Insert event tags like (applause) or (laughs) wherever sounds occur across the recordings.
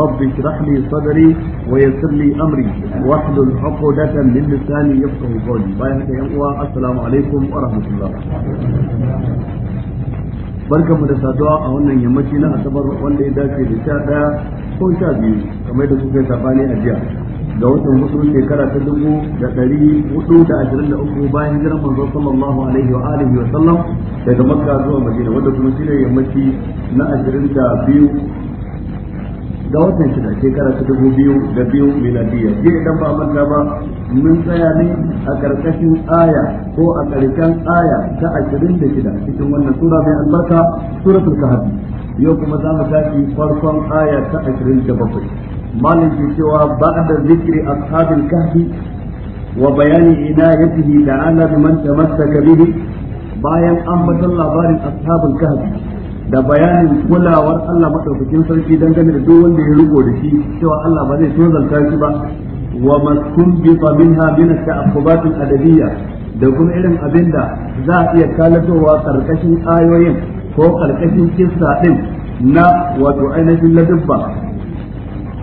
رب اشرح لي صدري ويسر لي أمري واحلل عقدة من لساني يفقه قولي بايعك يا السلام عليكم ورحمة الله barkan mu da saduwa a wannan yammaci na asabar wanda ya dace da sha daya ko sha biyu da a jiya ga watan musulun shekara ta dubu da ɗari hudu da ashirin da uku bayan jiran manzon sallallahu alaihi wa alihi wa sallam daga makka zuwa madina wanda kuma shi ne yammaci na ashirin da biyu ga watan shida shekara ta dubu biyu da biyu miladiya je idan ba manta ba mun tsaya ne a ƙarƙashin aya ko a ƙarƙashin aya ta ashirin da shida cikin wannan sura mai albarka suratul kahf yau kuma za mu tashi farkon aya ta ashirin da bakwai malam ke cewa zikiri a ashabil kahfi wa bayani ina ya da ta'ala biman tamassaka bihi bayan an batun labarin ashabin kahfi da bayanin kulawar Allah madaukakin sarki dangane da duk wanda ya riko da shi cewa Allah ba zai tozalta shi ba wa maskun bi minha min at adabiyya da kuma irin abinda za a iya kalatowa karkashin ayoyin ko karkashin kissa din na wato ainihin ladabba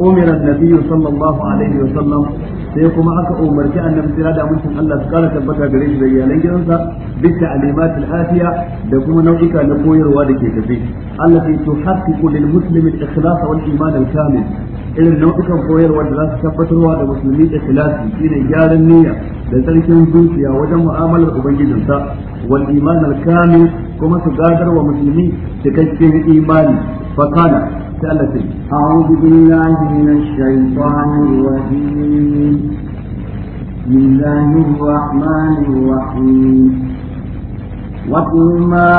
umira an sallallahu alaihi wa sai kuma aka umarci annabi sira da mutum Allah su kara tabbata gare shi da iyalan gidansa duk da alimatul afiya da kuma nau'ika na koyarwa da ke tafi Allah sai to haqiqu lil muslimi ikhlas wal iman al-kamil irin nau'ikan koyarwa da za su tabbatarwa da musulmi ikhlasi shine gyaran niyya da tsarkin zuciya wajen mu'amalar ubangijinsa wal iman al-kamil kuma su gadar wa musulmi cikakken imani fakana ثلاثة أعوذ بالله من الشيطان الرجيم بسم الله الرحمن الرحيم واتل ما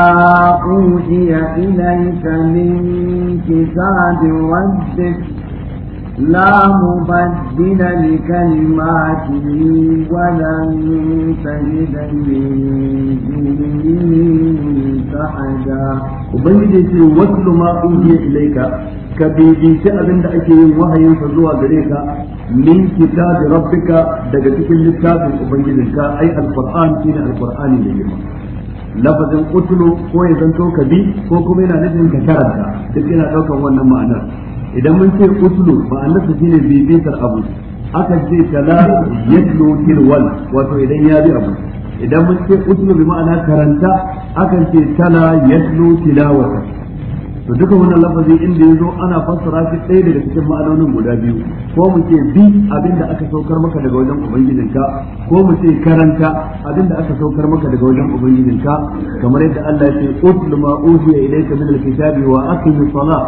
أوحي إليك من كتاب ربك لا مبدل لكلماته ولن تجد من دونه ملتحدا وبنجد في وصل ما أوحي إليك كبيبي أبن دعيك وهي فزوى بريك من كتاب ربك دقتك الكتاب وبنجدك أي القرآن فينا القرآن الكريم lafazin utulu ko ya zanto ka bi ko kuma yana nufin ka karanta duk yana daukan wannan ma'anar idan mun ce uslu ba annasa shine bibitar abu aka ce kala yatlu tilwal wato idan ya bi abu idan mun ce uslu bi ma'ana karanta aka ce kala yatlu tilawata to duka wannan lafazi inda yazo ana fassara shi ɗaya daga cikin ma'anonin guda biyu ko mu ce bi abinda aka saukar maka daga wajen ubangijinka ko mu ce karanta abinda aka saukar maka daga wajen ubangijinka kamar yadda Allah ya ce utlu ma uhiya ilayka min alkitabi wa aqimi salat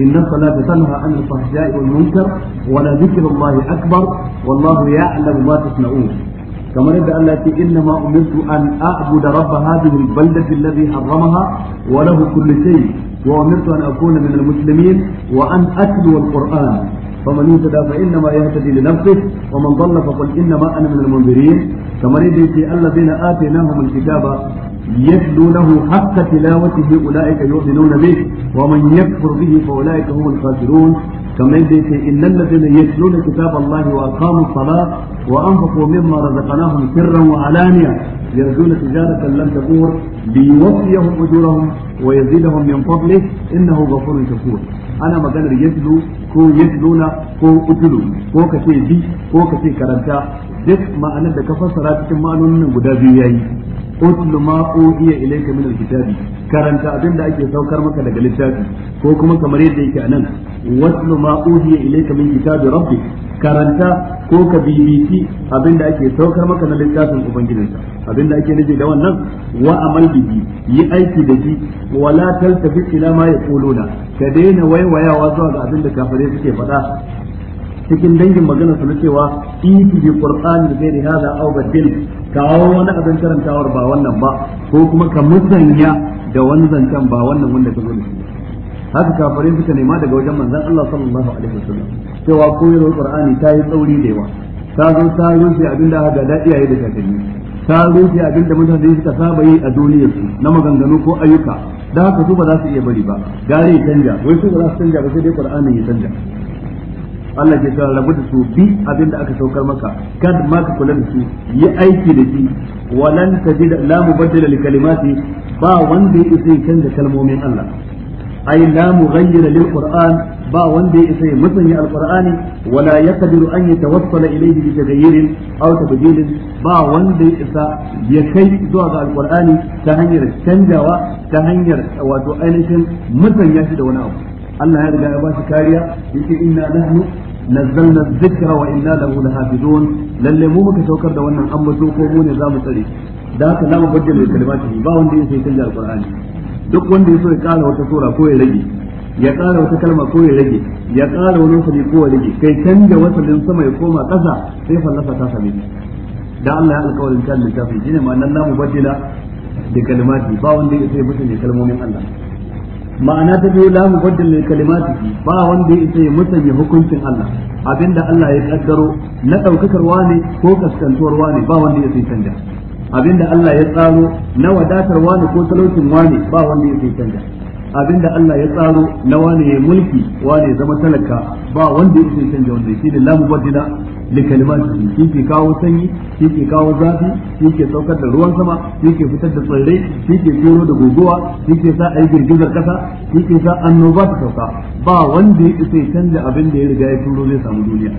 إن الصلاة تنهى عن الفحشاء والمنكر ولا ذكر الله أكبر والله يعلم ما تصنعون كما نبدا التي انما امرت ان اعبد رب هذه البلده الذي حرمها وله كل شيء وامرت ان اكون من المسلمين وان اتلو القران فمن اهتدى فانما يهتدي لنفسه ومن ضل فقل انما انا من المنذرين كما نبدا الذين اتيناهم الكتاب يتلونه حق تلاوته أولئك يؤمنون به ومن يكفر به فأولئك هم الخاسرون كما يدعي إن الذين يتلون كتاب الله وأقاموا الصلاة وأنفقوا مما رزقناهم سرا وعلانية يرجون تجارة لن تبور ليوفيهم أجورهم ويزيدهم من فضله إنه غفور شكور أنا ما قال يتلو كو يتلون كو أتلو كو كشي بي كو كشي كرنتا duk ma'anar da ka fassara cikin ma'anonin guda biyu yayi utlu ma uhiya ilayka min alkitabi karanta abin da ake saukar maka daga littafi ko kuma kamar yadda yake anan watlu ma uhiya ilayka min kitabi rabbik karanta ko ka bibiti abin da ake saukar maka na littafin ubangijinka abin da ake nufi da wannan wa amal bihi yi aiki da shi wala taltafi ila ma yaquluna ka daina waiwayawa zuwa ga abin da kafare suke faɗa cikin dangin magana su na cewa itu bi qur'an da zai hada aw badil kawo wani abin karantawar ba wannan ba ko kuma ka musanya da wani zancen ba wannan wanda ka zo da shi haka kafare suka nema daga wajen manzon Allah sallallahu alaihi wasallam cewa koyarwar qur'ani ta yi tsauri da yawa ta zo ta rufe abin da haka da iyaye da kakanni ta rufe abin da mutane suka saba yi a duniyar su na maganganu ko ayyuka da haka su ba za su iya bari ba gari canja wai su ba za su canja ba sai dai qur'anin ya canja Allah ke cewa rabu da su bi abin da aka saukar maka kad ma ka kula da su yi aiki da shi walan tajid la mubaddila li kalimati ba wanda ya isa canza kalmomin Allah ay la mughayyira lil qur'an ba wanda ya isa musanya alqur'ani wala yaqdiru an yatawassala ilayhi bi taghayyirin aw tabdilin ba wanda ya isa ya kai zuwa ga alqur'ani ta hanyar canjawa ta hanyar wato ainihin musanya shi da wani abu Allah ya riga ya ba shi kariya yace inna nahnu nazzalna dhikra wa inna lahu lahafizun lalle mu muka saukar da wannan ambato ko mu ne za mu tsare da haka la mubajjal li kalimatihi ba wanda yake canja alqur'ani duk wanda yaso ya kara wata sura ko ya rage ya kara wata kalma ko ya rage ya kara wani wasali ko ya rage kai canja wasalin sama ya koma ƙasa sai fallasa ta sami. da Allah ya alƙawarin kan littafi shine ma'anar la mubajjala da kalimati ba wanda yake mutunta kalmomin Allah ma'ana ta biyu lamu mubaddil mai kalimatihi ba wanda isa ya musanya hukuncin Allah abinda Allah ya kaddaro na daukakar ne ko kaskantuwar ne, ba wanda yake canja abinda Allah ya tsaro na wadatar ne ko talaucin ne, ba wanda yake canja Abin da Allah ya tsaro na wane ya mulki wane ya zama talaka ba wanda ya sai canja wanda shine la mubaddila li kalimatihi shi ke kawo sanyi shi ke kawo zafi shi ke saukar da ruwan sama shi ke fitar da tsirrai shi ke tsoro da guguwa shi ke sa ayi girgizar kasa shi ke sa annoba ta sauka ba wanda ya sai canja abin da ya riga ya turo zai samu duniya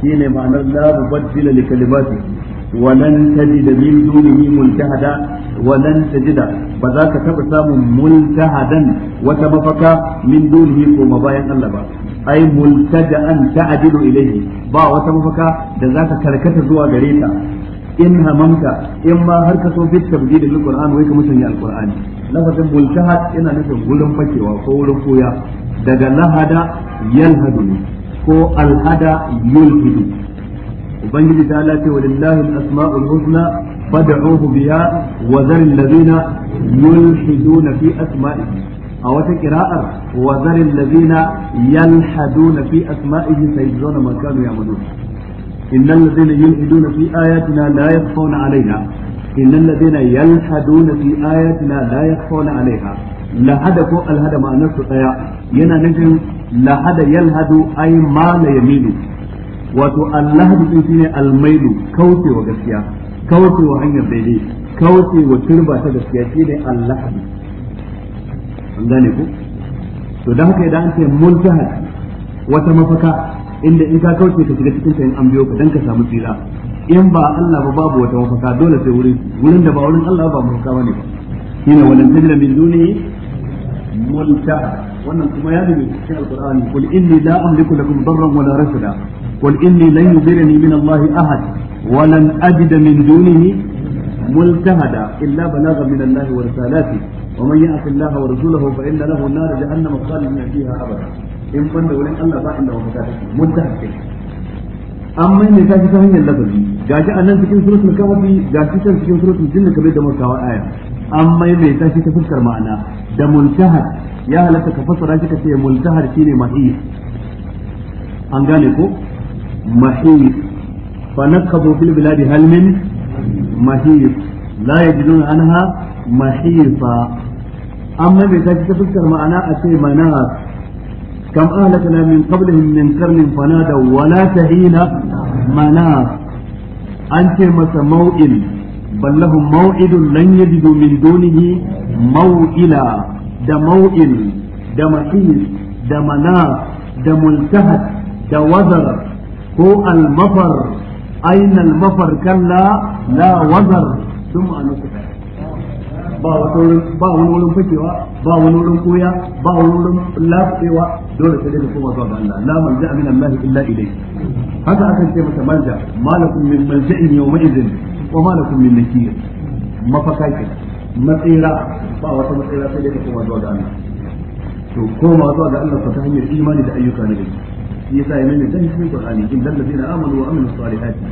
shine ma'anar labu mubaddila li kalimatihi ولن تجد من دونه ملتهدا ولن تجد بذاك تبسام ملتهدا وتبفك من دونه كما باين الله با أي ملتجأ تعدل إليه با وتبفك ذاك كركت زوا غريتا in hamamta in ma har ka so fit tabdil lil qur'an wai ka musanya alqur'ani lafazin multahad yana nufin wurin fakewa ko wurin koya daga lahada ko alhada yulhidu ubangiji ta lace wa lillahi al-asma'ul husna fad'uhu biha wa zaril ladina yulhiduna fi asma'ihi a wata qira'ar wa zaril ladina yalhaduna fi asma'ihi sayajzuna ma kanu ya'malun innal ladina yulhiduna fi ayatina la yakhfawna 'alaina innal ladina yalhaduna fi ayatina la yakhfawna 'alaiha lahada ko alhada ma'anar su daya yana nufin lahada yalhadu ay ma la yaminu wato allahadu din shine almailu kaucewa gaskiya kaucewa hanyar daidai kaucewa turba ta gaskiya shine allahadu an gane ku to dan haka idan an ce muntahad wata mafaka inda in ka kauce ka shiga cikin ta in an biyo ka dan ka samu tsira in ba Allah ba babu wata mafaka dole sai wurin wurin da ba wurin Allah ba mafaka bane ba shine wannan tajra min duni multa wannan kuma ya dace cikin alqur'ani kul inni la amliku lakum darran wala rashada قل إني لن يجرني من الله أحد ولن أجد من دونه ملتهدا إلا بلاغا من الله ورسالاته ومن يعص الله ورسوله فإن له النار جهنم من فيها أبدا إن كنت ولن الله باع إنه ملتهدا أما إن كان فهم اللفظ جاء أن أنت كنت سورة مكة وفي جاء كنت سورة الجنة كبيرة مكة وآية أما إن كان تفكر معنا ده ملتهد يا لك كفصر أجل آية كتير ملتهد كيني مهيد أنجاني محيط فنكبوا في البلاد هل من محيط لا يجدون عنها محيطا أما إذا تفكر معنا أشي مناط كم أهلكنا من قبلهم من قرن فنادوا ولا تهين مناط أنت مس موئل بل لهم موئد لن يجدوا من دونه موئلا ده موئل ده محيط ده مناط ده ملتهب ده وزر ko al-mafar aina al-mafar kalla la wazar sun ma'anar su ba wani wurin fakewa ba wani wurin koya ba wani wurin lafewa dole sai da koma zuwa ga Allah la malja min Allah illa ilayhi haka akan ce mata malja malakum min malja'in yawma idin wa malakum min nakir mafaka ke matsira ba wata matsira sai da koma zuwa ga Allah to koma zuwa ga Allah ta hanyar imani da ayyuka na gari yasa ya maimaita shi cikin Qur'ani in dal ladina amanu wa amilus salihati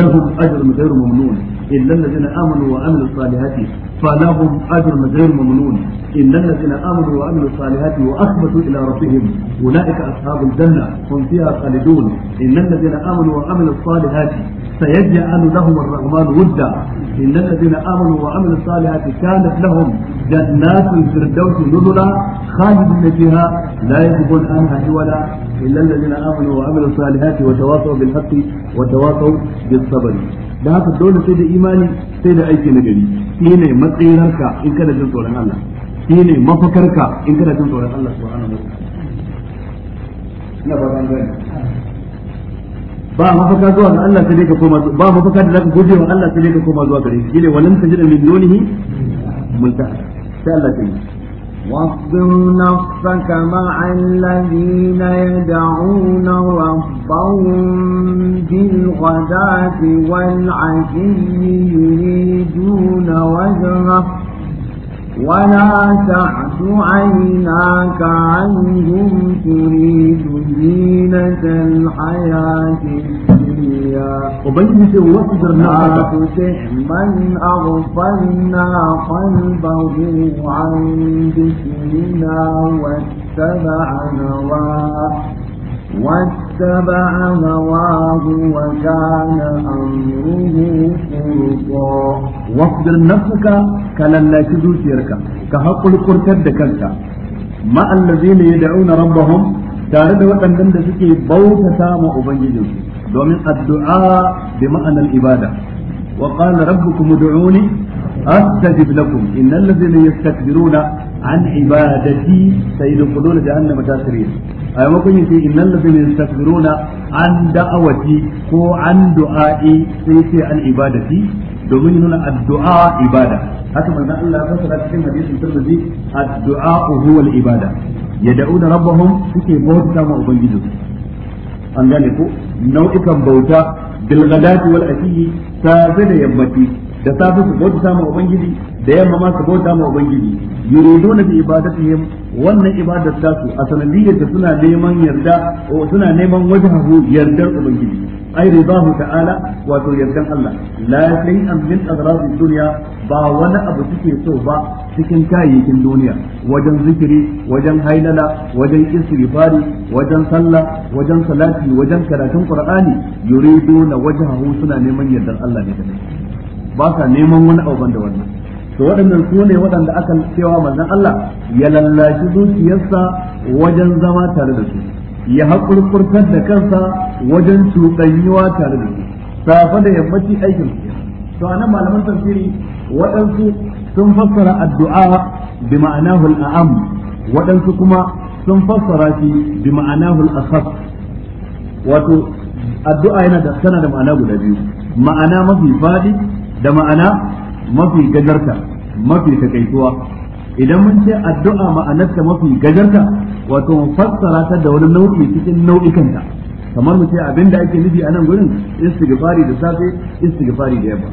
lahum ajrun ghairu mamnun illa alladhina amanu wa amilus salihati falahum ajrun ghairu mamnun إن الذين آمنوا وعملوا الصالحات وأخبتوا إلى ربهم أولئك أصحاب الجنة هم فيها خالدون إن الذين آمنوا وعملوا الصالحات سيجعل لهم الرحمن ودا إن الذين آمنوا وعملوا الصالحات كانت لهم جنات الفردوس نزلا خالدين فيها لا يجبون عنها حولا إلا الذين آمنوا وعملوا الصالحات وتواصوا بالحق وتواصوا بالصبر da haka dole sai da imani sai da aiki na gari shi ne matsayinarka in kana jin tsoron Allah shine mafakarka in kana jin tsoron Allah subhanahu wa ta'ala ina ba gani ba mafaka zuwa ga Allah sai ka koma ba mafaka da zaka gode wa Allah sai ka koma zuwa gare shi shine walan tajida min dunihi multaha sai Allah ta yi واصبر نفسك مع الذين يدعون ربهم بالغداة والعشي يريدون وجهه ولا تعد عيناك عنهم تريد زينة الحياة الدنيا وبين ولا تطع من أغفلنا قلبه عن ذكرنا واتبع هواه اتبع هواه وكان أمره فرطا واقدر نفسك كلا لا تزوجيرك كهقل قرتد كنت ما الذين يدعون ربهم tare da waɗannan da suke bautata ma ubangijinsu domin addu'a bi ma'anar ibada wa qala rabbukum ud'uni astajib lakum innal ladzina yastakbiruna an ibadati sayadkhuluna jahannama tasriya a maimakon yin ce innal ladina yastakbiruna an da'awati ko an du'a'i sai sai an ibadati domin ya nuna addu'a ibada haka manzo Allah ya fassara cikin hadisin Tirmidhi addu'a huwa al-ibada yad'una rabbahum suke bauta ma ubangiji an gane ko nau'ikan bauta bil ghadati wal ashi da yammaci da safe su bauta ma ubangiji da yamma ma su bauta ma ubangiji yuriduna bi ibadatihim wannan ibadar tasu a sanadiyyar da suna neman yarda suna neman wajhahu yardar ubangiji ai ridahu ta'ala wato yardan Allah la an min adradi dunya ba wani abu suke so ba cikin kayayyakin duniya wajen zikiri wajen hailala wajen istighfari wajen sallah wajen salati wajen karatun qur'ani yuriduna wajhahu suna neman yardan Allah ne kadai ba sa neman wani abu da wannan to waɗannan su ne waɗanda aka cewa manzon Allah ya lallaci zuciyarsa wajen zama tare da su ya haƙurƙurtar da kansa wajen cuɗanyuwa tare da su safa da yammaci aikin to anan malaman tafsiri waɗansu sun fassara addu'a bi ma'anahu al'am waɗansu kuma sun fassara shi bi ma'anahu asas. wato addu'a yana da tana da ma'ana guda biyu ma'ana mafi faɗi da ma'ana mafi gajarta mafi takaituwa idan mun ce addu'a ma'anarta mafi gajarta wato mu fassara ta da wani nau'i cikin nau'ikanta kamar mu ce abin da ake nufi a nan gurin istighfari da safe istighfari da yamma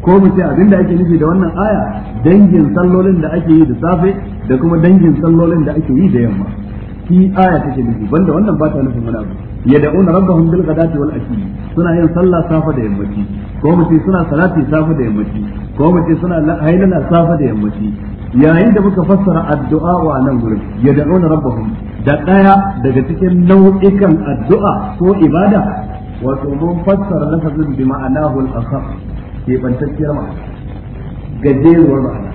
ko mu ce abin da ake nufi da wannan aya dangin sallolin da ake yi da safe da kuma dangin sallolin da ake yi da yamma shi aya take nufi banda wannan ba ta nufin wani abu yad'una rabbahum bil ghadati wal ashi suna yin sallah safa da yammaci ko mu ce suna salati safa da yammaci ko suna hailala safa da yammaci yayin da muka fassara addu'a wa nan gurin yad'una rabbahum da daya daga cikin nau'ikan addu'a ko ibada wato mun fassara lafazin bi ma'anahu al-asah ke bantacciyar ma'ana gajeruwar ma'ana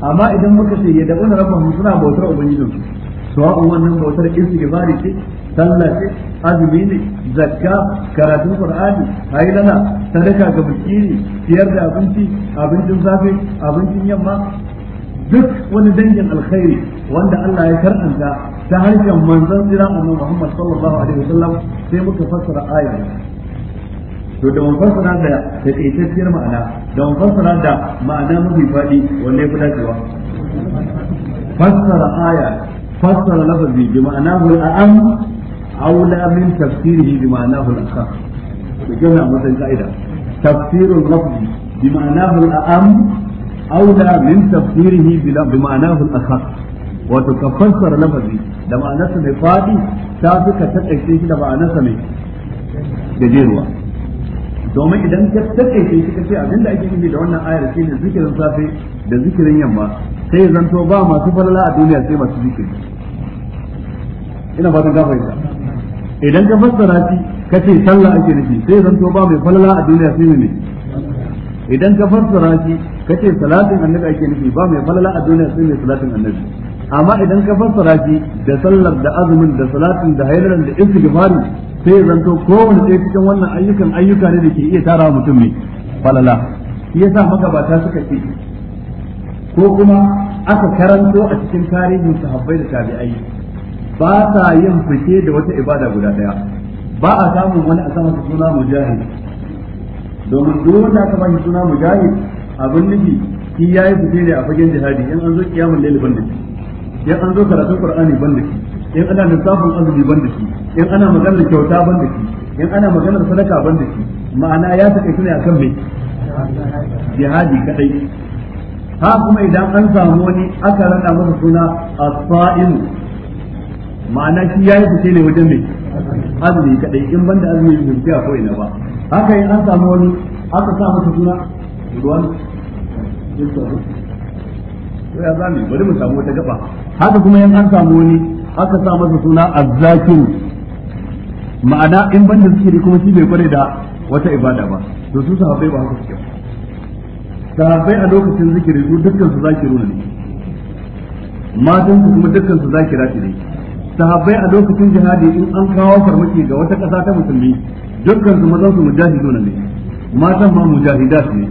amma idan muka ce yad'una rabbahum suna bautar ubangijinsu sawa'un wannan bautar istighfari ce sallah ce azumi ne zakka karatun qur'ani hailala sadaka ga miskini siyar da abinci abincin safe abincin yamma duk wani dangin alkhairi wanda Allah ya karanta ta harshen manzon tsira annabi Muhammad sallallahu alaihi wasallam sai muka fassara ayar to da mun fassara da takaitacciyar ma'ana da mun fassara da ma'ana mafi fadi wanda ya fi fassara aya fassara lafazi bi ma'anahu al'am aula min tafsirihi bi ma'anahu al'akhar aula min tafsirihi bi ma'anahu al'akhar wato ka fassara lafazi da ma'anarsa mai ka shi da ma'anarsa mai gajeruwa domin idan ka taƙaice shi ka ce da ake nufi da wannan ayar shi ne zikirin safe da zikirin yamma sai zanto ba masu falala a duniya sai masu zikiri ina fatan ka fahimta idan ka fassara shi ka ce sallah ake nufi sai zan to ba mai falala a duniya sai ne idan ka fassara shi ka ce salatin annabi ake nufi ba mai falala a duniya sai ne salatin annabi amma idan ka fassara shi da sallar da azumin da salatin da hayran da istighfari sai zan to kowanne ɗaya cikin wannan ayyukan ayyuka ne da ke iya tara mutum ne falala shi ba ta suka ce ko kuma aka karanto a cikin tarihin sahabbai da tabi'ai ba sa yin fice da wata ibada guda daya ba a samun wani a sama suna mujahid domin duk da aka shi suna mujahid abin nufi shi yayi fice ne a fagen jihadi in an zo kiyamul layl ban da shi in an zo karatun qur'ani ban da shi in ana lissafin azumi ban da shi in ana maganar kyauta ban da shi in ana maganar sadaka ban da shi ma'ana ya take shi ne akan mai jihadi kadai ha kuma idan an samu wani aka rada masa suna as-sa'im ma'ana shi ya yi fice ne wajen mai azumi kadai in banda azumi bai fice ko ina ba haka yi an samu wani aka sa masa suna ruwan to ya zami bari mu samu wata gaba haka kuma in an samu wani aka sa masa suna zakin? ma'ana in banda da kuma shi bai kware da wata ibada ba to su sahabbai ba haka suke ba sahabbai a lokacin zikiri su dukkan su zakiru ne matan su kuma dukkan su zakira ne sahabbai a lokacin jihadi in an kawo farmaki ga wata ƙasa ta musulmi dukkan su mazan su mujahidun ne matan ma mujahidat ne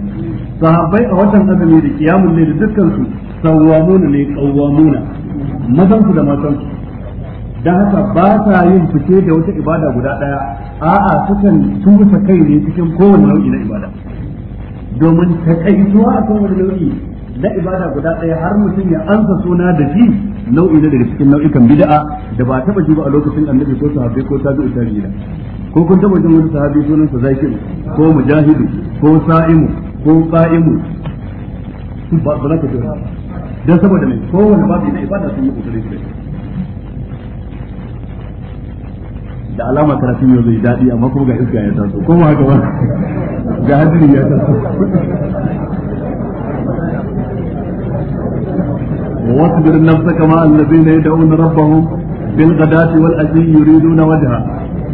sahabbai a watan azumi da kiyamun ne da dukkan su sawwamuna ne qawwamuna mazan su da matan su dan haka ba sa yin fice da wata ibada guda daya a'a sukan tusa kai ne cikin kowane nau'i na ibada domin ta kai zuwa a kowane nau'i na ibada guda daya har mutum ya ansa suna da shi nau'i ne daga cikin nau'ikan bid'a da ba taba ji ba a lokacin annabi ko sahabbai ko tabi'i da ko kun taba jin wani sahabi sunan sa zakir ko mujahidu ko sa'imu ko qa'imu ba za ka ji dan saboda me kowanne babu na ibada sun yi kokari su da alama karatun yau zai daɗi amma kuma ga iska ya taso ko haka ba ga hadiri ya taso واصبر نفسك مع الذين يدعون ربهم بالغداة والعشي يريدون وجهه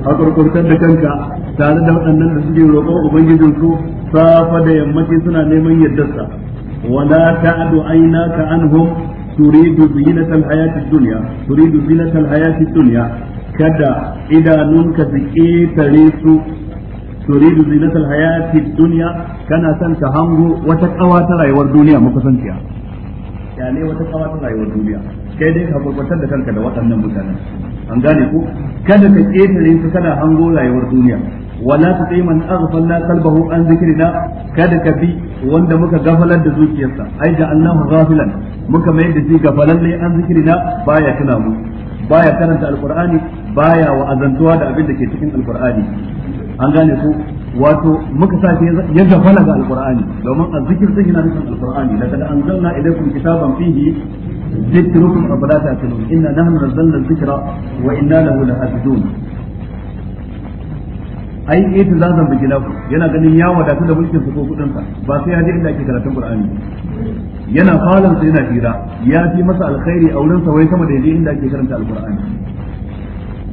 hakurkurtar da kanka tare da waɗannan da suke roƙon ubangijin su safa da yammaci suna neman yardarsa wala ta'du aynaka anhum turidu zinatal hayatid dunya turidu zinatal hayatid kada idanunka su ƙetare su turidu zinatal hayatid dunya kana son ka hango wata ƙawa ta rayuwar duniya makusanciya kyale wata tsawa ta rayuwar duniya kai dai ka gurbatar da kanka da waɗannan mutanen an gane ku. kada ka ƙetare su kana hango rayuwar duniya wala ta tsaye man aghfalna qalbahu an zikrina kada ka bi wanda muka gafalar da zuciyarsa ai da Allahu ghafilan muka mai da shi gafalalle an zikrina baya tuna mu baya karanta alqur'ani baya azantuwa da abin da ke cikin alqur'ani an gane ku. wato muka sa shi ya gafala ga alqur'ani domin azzikir sai yana nufin alqur'ani laqad anzalna ilaykum kitaban fihi dhikrukum afala ta'qilun inna nahnu nazzalna dhikra wa inna lahu lahafizun ai ita zazan bi gilafu yana ganin ya wadatu da mulkin su ko kudin sa ba sai ya je inda ake karatun qur'ani yana falan sai yana tira ya fi masa alkhairi a wurin sa wai sama da yaje inda ake karanta alqur'ani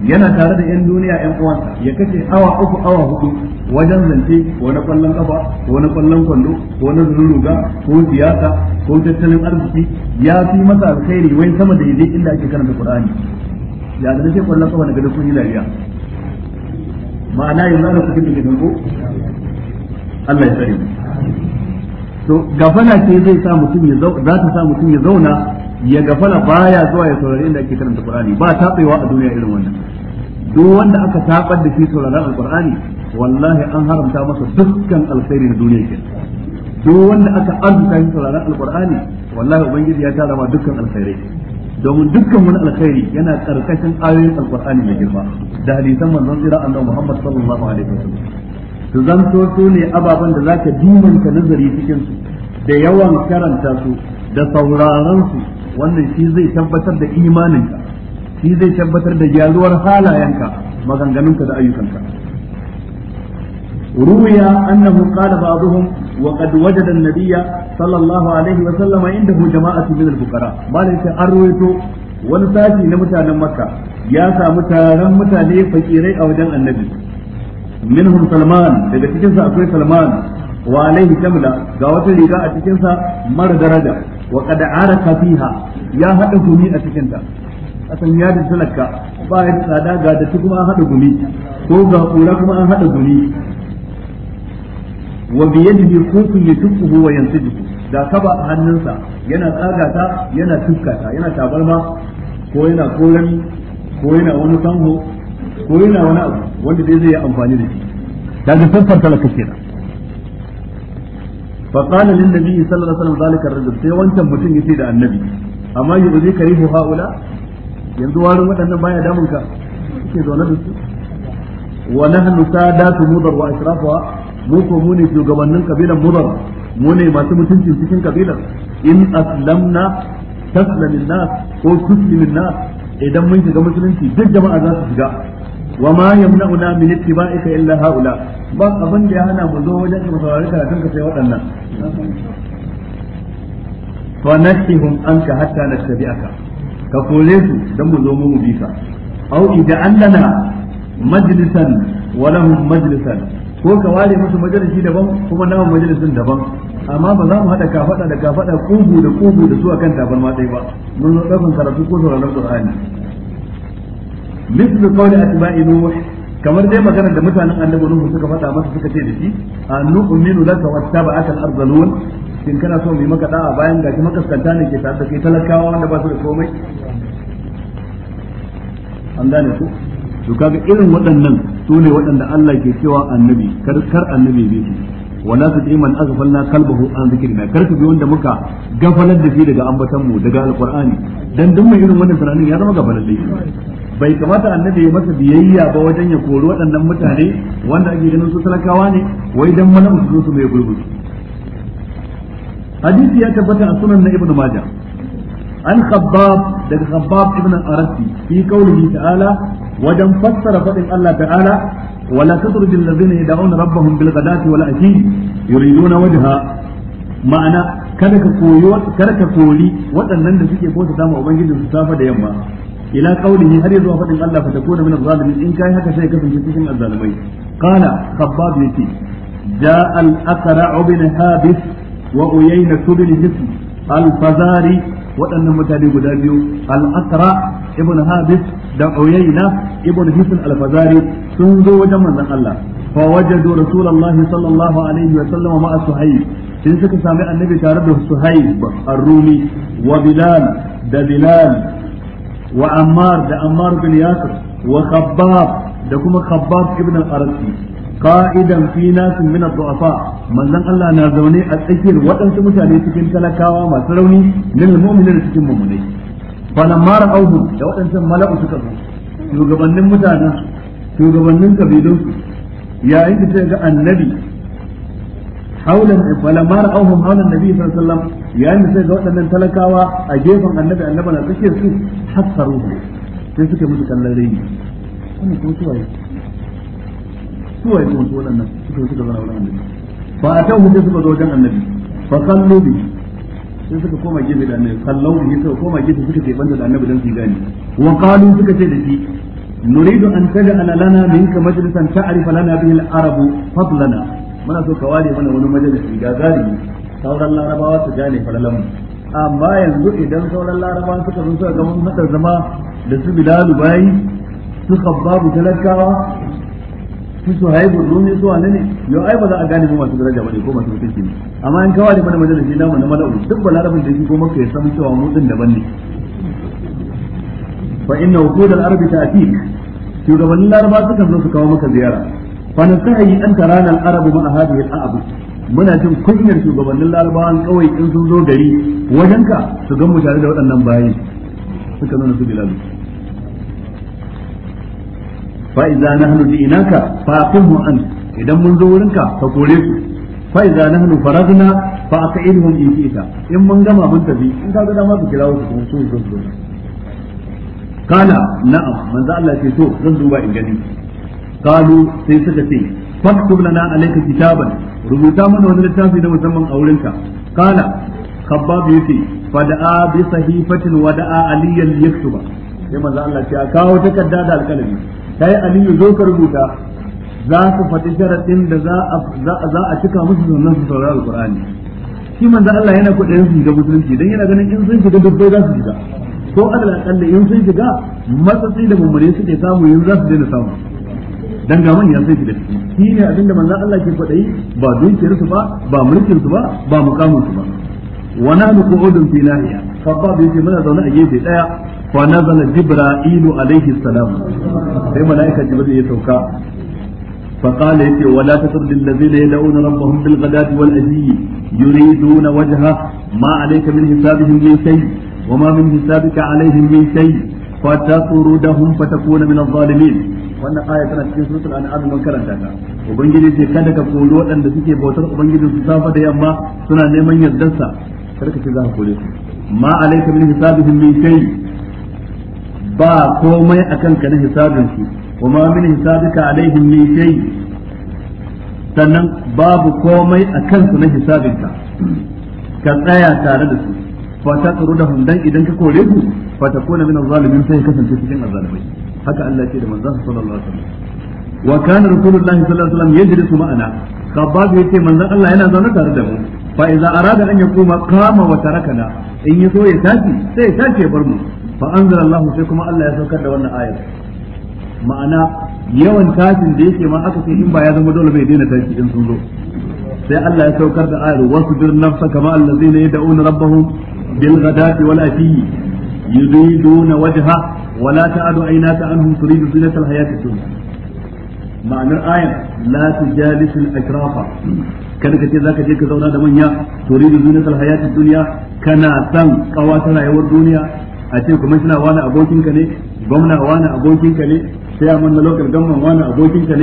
yana tare da 'yan duniya 'yan uwansa ya kace awa uku awa hudu wajen zance ko na kwallon kafa ko na kwallon kwando ko na zururuga ko siyasa ko tattalin arziki ya fi masa alkhairi wai sama da yaje inda ake karanta Qur'ani ya da nake kwallon kafa daga da kun lafiya ma'ana yanzu ana cikin da ko Allah ya tsare to gafala ce zai sa mutum ya za ta sa mutum ya zauna ya gafala baya zuwa ya saurari inda ake karanta Qur'ani ba ta tsayawa a duniya irin wannan duk wanda aka tabar da shi sauraron alqur'ani wallahi an haramta masa dukkan alkhairi na duniya ke duk wanda aka azuta shi sauraron alqur'ani wallahi ubangiji ya tara ma dukkan alkhairai domin dukkan wani alkhairi yana karkashin ayoyin alqur'ani mai girma da hadisan manzon tsira annabi Muhammad sallallahu alaihi wasallam to zanto su ne ababen da zaka dimanta nazari cikin su da yawan karanta su da sauraron su wannan shi zai tabbatar da imaninka shi zai tabbatar da gyaruwar halayenka maganganunka da ayyukanka روي أنه قال بعضهم وقد وجد النبي صلى الله عليه وسلم عنده جماعة من الفقراء بل أرويت ونساتي نمتان مكة يا سامتان متاني فقيري أو جن النبي منهم سلمان daga cikinsa akwai salman wa alaihi ga wata riga a cikinsa mara daraja wa qad araka fiha ya haɗa huni a cikinta san yadin talaka ba ya tsada ga da kuma an haɗa gumi ko ga kura kuma an haɗa gumi wa biyadihi kufun yatukuhu wa yansidu da kaba a hannunsa yana tsaga ta yana tuska ta yana tabarma ko yana koren ko yana wani tango ko yana wani abu wanda dai zai yi amfani da shi daga sassan talaka kenan فقال للنبي صلى الله عليه وسلم ذلك الرجل sai wancan mutum yace da annabi amma yuzi karihu yanzu warin waɗannan baya damun ka kike zaune da su wa nahnu sadatu mudar wa ashrafuha mu ko mu ne shugabannin kabilan mudar mu ne masu mutuncin cikin kabilar in aslamna taslamin nas ko tuslimin nas idan mun shiga musulunci duk jama'a za su shiga wa ma yamna'una min ittiba'ika illa haula ba abin da ya hana mu zo wajen mu saurari karatun ka sai waɗannan fa nashihum anka hatta nattabi'aka ka kore su don mu zo mu bisa. ka aw idan lana majalisan wala lahum ko ka ware musu majalisi daban kuma nawa majalisin daban amma ba za mu haɗa kafaɗa da kafaɗa kugu da kugu da su akan tabar matsayi ba mun zo daukan karatu ko sauraron ƙur'ani mislu qawli atba'i nuh kamar dai magana da mutanen annabi nuhu suka faɗa masa suka ce da shi annu umminu laka wattaba'aka al-ardhalun kin kana so mu maka da'a bayan gashi makaskanta ne ke tare da kai talakawa wanda ba su da komai an gane ku to kaga irin waɗannan su ne waɗanda Allah ke cewa annabi kar kar annabi bi su wala tuti man aghfalna ko an zikrina kar ku bi wanda muka gafalar da shi daga ambatan mu daga alqur'ani dan duk mai irin wannan tunanin ya zama shi bai kamata annabi ya masa biyayya ba wajen ya kori waɗannan mutane wanda ake ganin su talakawa ne wai dan mana su su mai gurgudu hadisi ya tabbata a sunan na ibnu maja an khabbab daga khabbab ibn arasi fi qawlihi ta'ala wajen fassara fadin Allah ta'ala wala tutrij alladhina yad'una rabbahum bil ghadati wal ashi yuriduna wajha ma'ana kada ka koyi kada ka kori waɗannan da suke bauta ta ubangiji su safa da yamma ila qawlihi har yanzu fadin Allah fa takuna min az-zalimin in kai haka sai kasance cikin az-zalimai qala khabbab yati جاء الأقرع بن حابس وأيينة بن حسن الفزاري وأن متاني بدابيو الأقرع Ibn Habis da Uyayna ibn Hisn al-Fazari sun zo wajen manzon Allah fa wajadu Rasulullah sallallahu alaihi wa sallam ma'a Suhayb sun suka sami annabi tare da Suhayb ar-Rumi wa Bilal da Bilal wa ammar da ammar bin yasir wa khabbab da kuma khabbab ibn al-arasi qa'idan fi nasin min ad-du'afa manzon Allah na zaune a tsakiyar waɗansu mutane cikin talakawa masu rauni lil mu'minin cikin mu'minai falamma ra'awhu da waɗancan mala'u suka zo shugabannin mutanen shugabannin kabilun yayin ga annabi haulan falamma ra'awhum haulan nabi sallallahu alaihi wasallam yayin sai ga waɗannan talakawa a gefen annabi annabi na tsakiyar su hasaru sai suka musu kallon rai wannan kuma suwaye suwaye kuma su nan suke suka zama wurin annabi fa atahu sai suka zo wajen annabi fa kallu bi sai suka koma gefe da annabi kallau bi suka koma gefe suka ce banda da annabi dan su gane wa qalu suka ce da shi نريد أن تجعل Minka منك مجلسا تعرف لنا به العرب فضلنا muna so ka ware mana wani majalisi ga galibi sauran larabawa su gane falalan mu amma yanzu idan sauran larabawa suka zo suka ga mun hada zama da su bilalu bayi su khabbabu talakawa su su haibu rumi zuwa ne yo ai ba za a gane mu masu daraja bane ko masu mutunci ne amma in ka ware mana majalisi namu na mala'u duk balarabin da shi ko maka ya san cewa mu din daban ne fa inna wuqud al-arab ta'tik shugabannin laraba sukan zo su kawo maka ziyara fa nasahi an tarana al-arabu ma hadhihi al-a'ab muna jin kunyar shugabannin larabawan kawai in sun zo gari wajenka su gan mu da waɗannan bayi suka nuna su bilal fa idza nahnu ji'naka fa aqimhu an idan mun zo wurin ka ka kore su fa idza nahnu faragna fa aqidhum in ita in mun gama mun tafi in ka ga dama su kira su kuma su zo kana na'am manzo Allah ya ce to zan duba in gani Kalu sai suka ce faktub lana alayka kitaban rubuta mana wani littafi na musamman a wurinka qala khabbab yace fada'a bi sahifatin wa da'a aliyan yaktuba sai manzo Allah ya kawo takarda da alƙalami kai aliyu zo ka rubuta za su faɗi da za a cika musu sannan shi manzo Allah yana kuɗin su shiga musulunci dan yana ganin in sun shiga dubbai za su shiga ko kalle in sun shiga matsatsi da mummune suke samu yanzu za su daina samu dan ga manyan sai da ciki shi ne abinda manzon Allah ke yi ba dukiyar su ba ba mulkin su ba ba mukamin su ba wa nahnu qu'udun fi nahiya fa bi muna zaune a gefe daya fa nazala jibra'ilu alaihi salam sai malaika jibril ya sauka فقال يتي ولا تطرد الذين يدعون ربهم بالغداة والأجي يريدون وجهه ما عليك من حسابهم من شيء وما من حسابك عليهم من شيء da فتطردهم فتكون من الظالمين wannan aya tana cikin suratul an'am mun karanta ta ubangiji ce kada ka koli waɗanda suke bautar ubangiji su safa da yamma suna neman yardarsa karka ce za ka kore su ma alayka min hisabihim min shay ba komai akan ka na hisabin su kuma min hisabika alaihim min shay sannan babu komai akan su na hisabinka ka tsaya tare da su fa ta tsaro da hundan idan ka kore ku fa ta kona min zalimin sai kasance cikin azzalimai haka Allah ce da manzon sallallahu alaihi wasallam wa kana rasulullahi sallallahu alaihi wasallam yajlisu ma'ana khabbab yace manzon Allah yana zaune tare da mu fa idza arada an yakuma qama wa tarakana in yaso ya tashi sai ya tashi ya bar mu fa anzala anzalallahu sai kuma Allah ya saukar da wannan ayar ma'ana yawan tashin da yake ma aka ce in ba ya zama dole bai daina tashi in sun zo sai Allah ya saukar da ayar wasu dir nafsa kama allazina yad'una rabbahum بالغداة والعشي يريدون وجهه ولا تعد عيناك عنهم تريد زينة الحياة الدنيا ma'anar ayar la tujalis al-ashrafa kada kace zaka je ka zauna da manya turidu zinat al-hayat ad-dunya kana san kawa ta rayuwar duniya a ce kuma suna wani abokin ka gwamna wani abokin ka sai a manna lokal gamman wani abokin ka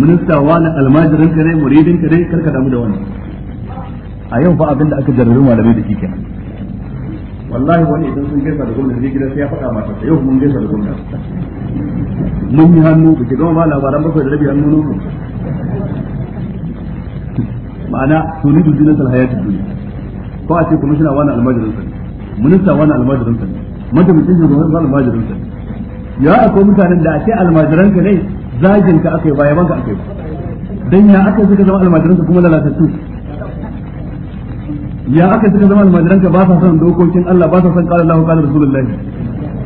minista wani almajirin ne ka damu da wani a yau fa abinda aka jarrabe malamai da shi wallahi wani idan sun gaisa da gwamnati zai gida sai ya faɗa mata yau mun gaisa da gwamnati mun yi hannu ku gama ma labaran bakwai da rabi hannu nuku ma'ana to ni dubbi sal hayati duniya ko a ce kwamishina wani almajirin sa minista wani almajirin sa majalisin shugaban sa almajirin sa ya akwai mutanen da a ce almajiran ka ne zagin ka akai ba yaban ka akai ba dan ya aka suka zama almajiran sa kuma lalatattu ya aka suka zama almajiran ka ba sa son dokokin Allah ba sa son qala Allahu qala rasulullahi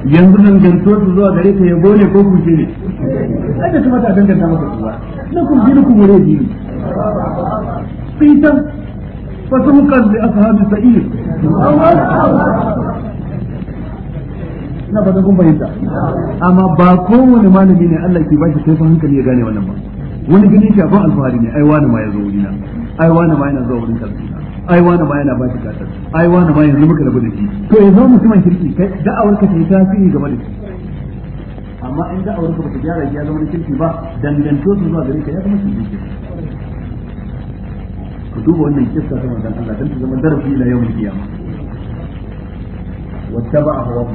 yanzu nan ganto su zuwa gare ka yabo ne ko kushe ne ai da ta danganta maka su na kun gina ku gore dini fitan fasumkan li ashabi sa'ir na ba kun bayyana amma ba kowane malami ne Allah ke bashi sai hankali ya gane wannan ba wani gani shi abin alfahari ne ai wani ma ya zo wurina ai wani ma yana zuwa wurin kalbi ai wani ma yana ba shi kasar ai wani ma yanzu muka rabu da shi to ya zama mutumin kirki kai da'awar ka ta yi tasiri game da shi amma in da'awar ka ba ta gyara ya zama na kirki ba dangantuwar su zuwa gare ka ya zama kirki ku duba wannan kissa ta manzon Allah dan ta zama darasi na yau ila yawmul qiyamah wattaba'a hawa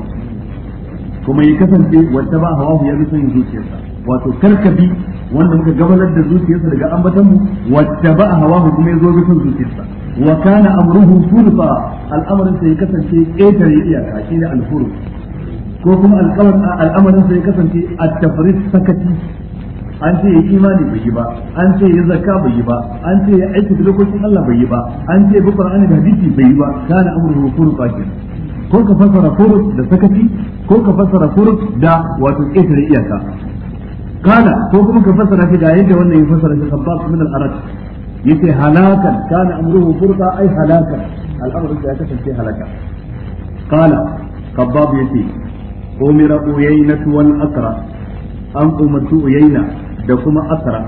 kuma ya kasance ba hawahu ya bi son zuciyarsa wato karkabi wanda muka gabalar da zuciyarsa daga ambatanmu wattaba'a hawa kuma ya zo bi son zuciyarsa Wakana kana al'amarin sai kasance ƙetare iyaka shine al ko kuma al'amarin sai kasance at sakati an ce ya imani bai yi ba an ce ya zakka bai yi ba an ce ya aiki da lokacin Allah bai yi ba an ce bi Qur'ani da hadisi bai yi ba kana amruhu furqa ko ka fasara furq da sakati ko ka fassara furq da wato ƙetare iyaka kana ko kuma ka da wannan ya fassara shi yace halakan kana amruhu furqa ai halakan al'amru ya kasance halaka qala kabbab yace umira uyayna wal asra an umartu uyayna da kuma asra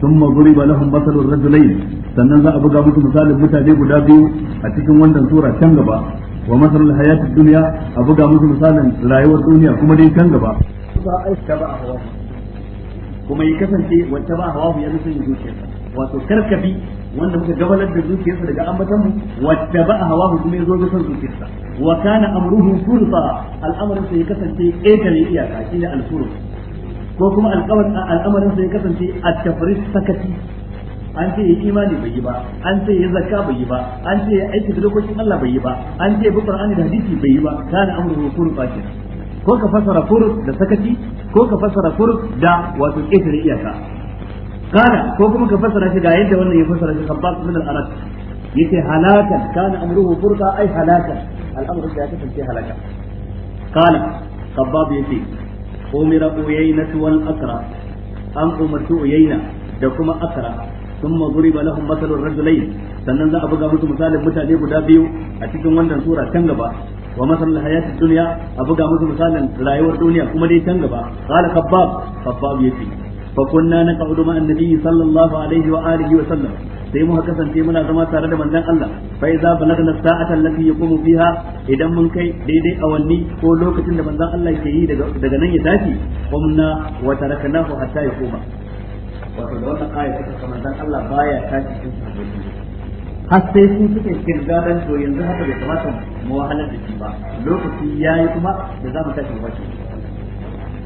thumma duriba lahum masalur rajulain sannan za a buga musu misalin mutane guda biyu a cikin wannan sura can gaba wa masalul hayatid dunya a buga musu misalin rayuwar duniya kuma dai can gaba kuma yi kasance wata ba hawa ya nufin zuciyarsa wato karkabi wanda muka gabalar da zuciyarsa daga ambatan mu wata ba a hawa kuma ya zo ga son zuciyarsa wa kana amruhu furfa al'amarin sa ya kasance ƙetare iyaka shine al-furf ko kuma al'amarin sa ya kasance at-tafrid sakati an ce yi imani bai yi ba an ce yi zakka bai yi ba an ce yi aiki da lokacin Allah bai yi ba an ce ya bi Qur'ani da hadisi bai yi ba kana amruhu furfa kenan ko ka fasara furuf da sakati ko ka fasara furuf da wato ƙetare iyaka kana ko kuma ka fassara shi ga yadda wannan ya fassara shi khabbab na al-arab yace halakan kana amruhu furqa ai halakan al'amru da ya kasance halaka kana khabbab yace umira uyayna wal asra an umarci uyayna da kuma asra thumma ضرب لهم مثل الرجلين sannan za a buga musu misalin mutane guda biyu a cikin wannan sura can gaba wa masalul hayati dunya a buga musu misalin rayuwar duniya kuma dai can gaba qala khabbab khabbab yace فكنا نقعد مع النبي صلى الله عليه وآله وسلم sai muka kasance muna zama tare da manzon Allah fai fa idza balagna sa'atan lati yaqumu fiha idan mun kai daidai awanni ko lokacin da manzon Allah ke yi daga daga nan ya tafi qumna wa taraknahu hatta yaquma wato da wannan aya take kamar dan Allah baya tashi cikin har sai sun suke kirgadan to yanzu haka bai kamata mu wahalar da shi ba lokaci yayi kuma da za mu tashi mu bace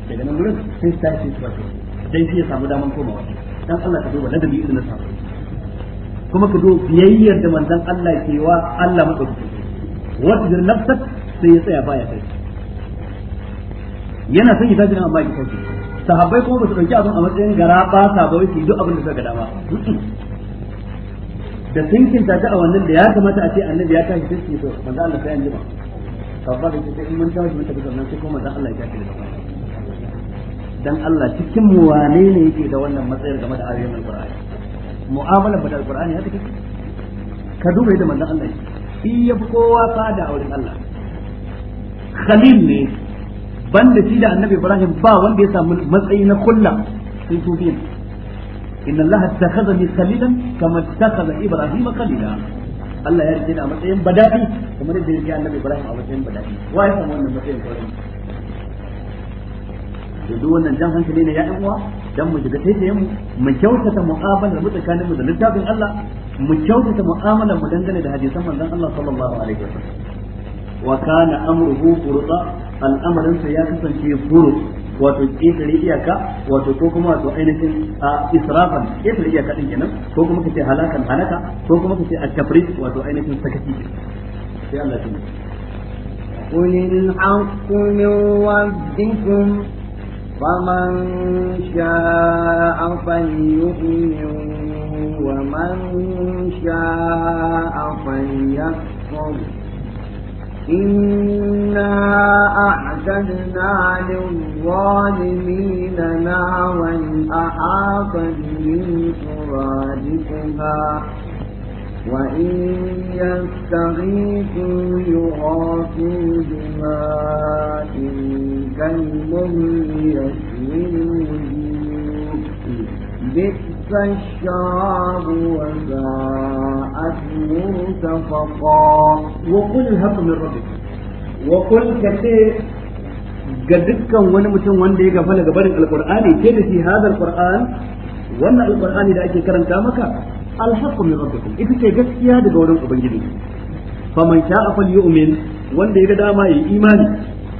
daga nan gurin sai tashi su bace dan shi ya samu daman wani dan Allah ka duba ladabi irin na sa kuma ka duba biyayyar da manzon Allah ke wa Allah madaukaki wata da nafsa sai ya tsaya baya kai yana son ya jira amma ya kauce sahabbai kuma ba su dauki abin a matsayin gara ba sa ba wai duk abin da suka dama da thinking ta ta a wannan da ya kamata a ce annabi ya tashi tinki to manzon Allah sai an ba sabba da ke mun tawo mun tafi nan sai kuma manzon Allah ya tashi da dan Allah cikin mu wane ne yake da wannan matsayar game da ayoyin alqur'ani mu'amalar da alqur'ani haka take ka duba yadda manzon Allah shi ya fi kowa fada a wurin Allah khalil ne banda shi da annabi ibrahim ba wanda ya samu matsayi na kullum sai su biyan inna allaha takhadha min khalilan kama takhadha ibrahim khalila Allah ya rike da matsayin badadi kamar da ya rike annabi ibrahim a matsayin badadi wai kuma wannan matsayin kawai duk wannan jan hankali ne ya yan uwa dan mu shiga taitaye mu mu kyautata mu'amalar mu tsakanin mu da littafin Allah mu kyautata mu'amalar mu dangane da hadisan manzon Allah sallallahu alaihi wasallam wa kana amruhu furqa al'amarin sa ya kasance furu wato ƙetare iyaka wato ko kuma wato ainihin a israfan ƙetare iyaka din kenan ko kuma kace halakan halaka ko kuma kace at-tafriq wato ainihin sakati sai Allah ya قل الحق من ربكم فمن شاء فليؤمن ومن شاء فليكفر إنا أعتدنا للظالمين نارا أحاط بهم سرادقها وإن يستغيثوا يغاثوا بماء كالمهل يشوي الوجوه بئس الشراب وساءت مرتفقا وقل الحق من ربك وقل كثير ga dukkan wani mutum wanda ya gafala ga barin alkur'ani ke da shi hadal qur'an wannan alkur'ani da ake karanta maka alhaqqu min rabbikum ita ce gaskiya daga wurin ubangiji faman sha'a falyu'min wanda yaga dama yi imani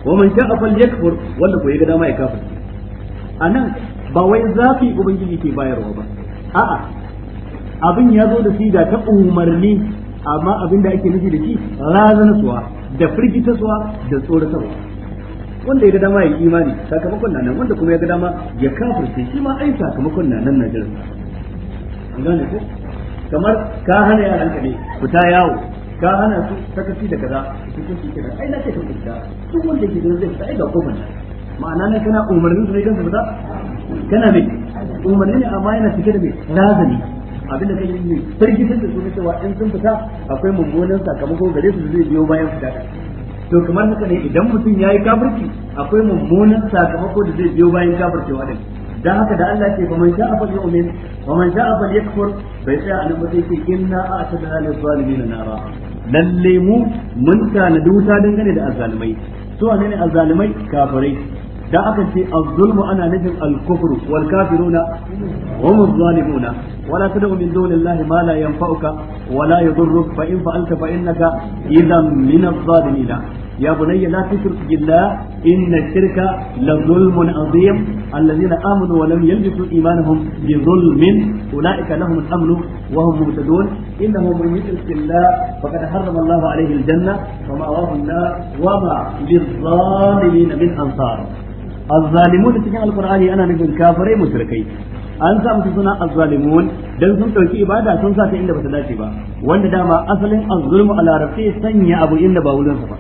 wa man sha'a falyakfur wanda ko yaga dama ya kafir anan ba wai zafi ubangiji ke bayarwa ba a'a abin ya zo da da ta umarni amma abin da ake nufi da shi razanasuwa da suwa da tsoratarwa wanda ya ga dama ya imani sakamakon nan wanda kuma ya ga dama ya kafirce shi ma ai sakamakon na nan na jiran an gane ko kamar ka hana yaran ka ne fita yawo ka hana su sakaci da kaza su kuke kira ai na ce ka fita duk wanda ke da zai fita ai ga kofar ma'ana ne kana umarnin su ne su fita kana me umarni ne amma yana cike da me lazami abinda kai yi firgitar da su ne cewa in sun fita akwai mummunan sakamako gare su zai biyo bayan fita to kamar haka ne idan mutum ya yi kafirci akwai mummunan sakamako da zai biyo bayan kafircewa din dan haka da Allah ke faman sha'a yu'min wa man sha'a fal yakfur bai tsaya a nan ba inna a'tadna lil zalimin nara lalle mu mun da wuta dangane da azalimai su ne azalimai kafirai da aka ce az-zulmu ana nufin al-kufru wal kafiruna hum az-zalimuna wala tad'u min dunillahi ma la yanfa'uka wa la fa in fa'alta fa innaka idan min az-zalimina يا بني لا تشرك بالله إن الشرك لظلم عظيم الذين آمنوا ولم يلبسوا إيمانهم بظلم أولئك لهم الأمن وهم مهتدون إنه من يشرك بالله فقد حرم الله عليه الجنة ومأواه النار وما للظالمين من أنصار الظالمون cikin alkur'ani ana nufin kafirai mushrikai an sa musu suna azzalimun dan sun dauki ibada sun sa ta inda bata dace ba wanda dama asalin azzulmu a larabci sanya abu inda ba wurin sa ba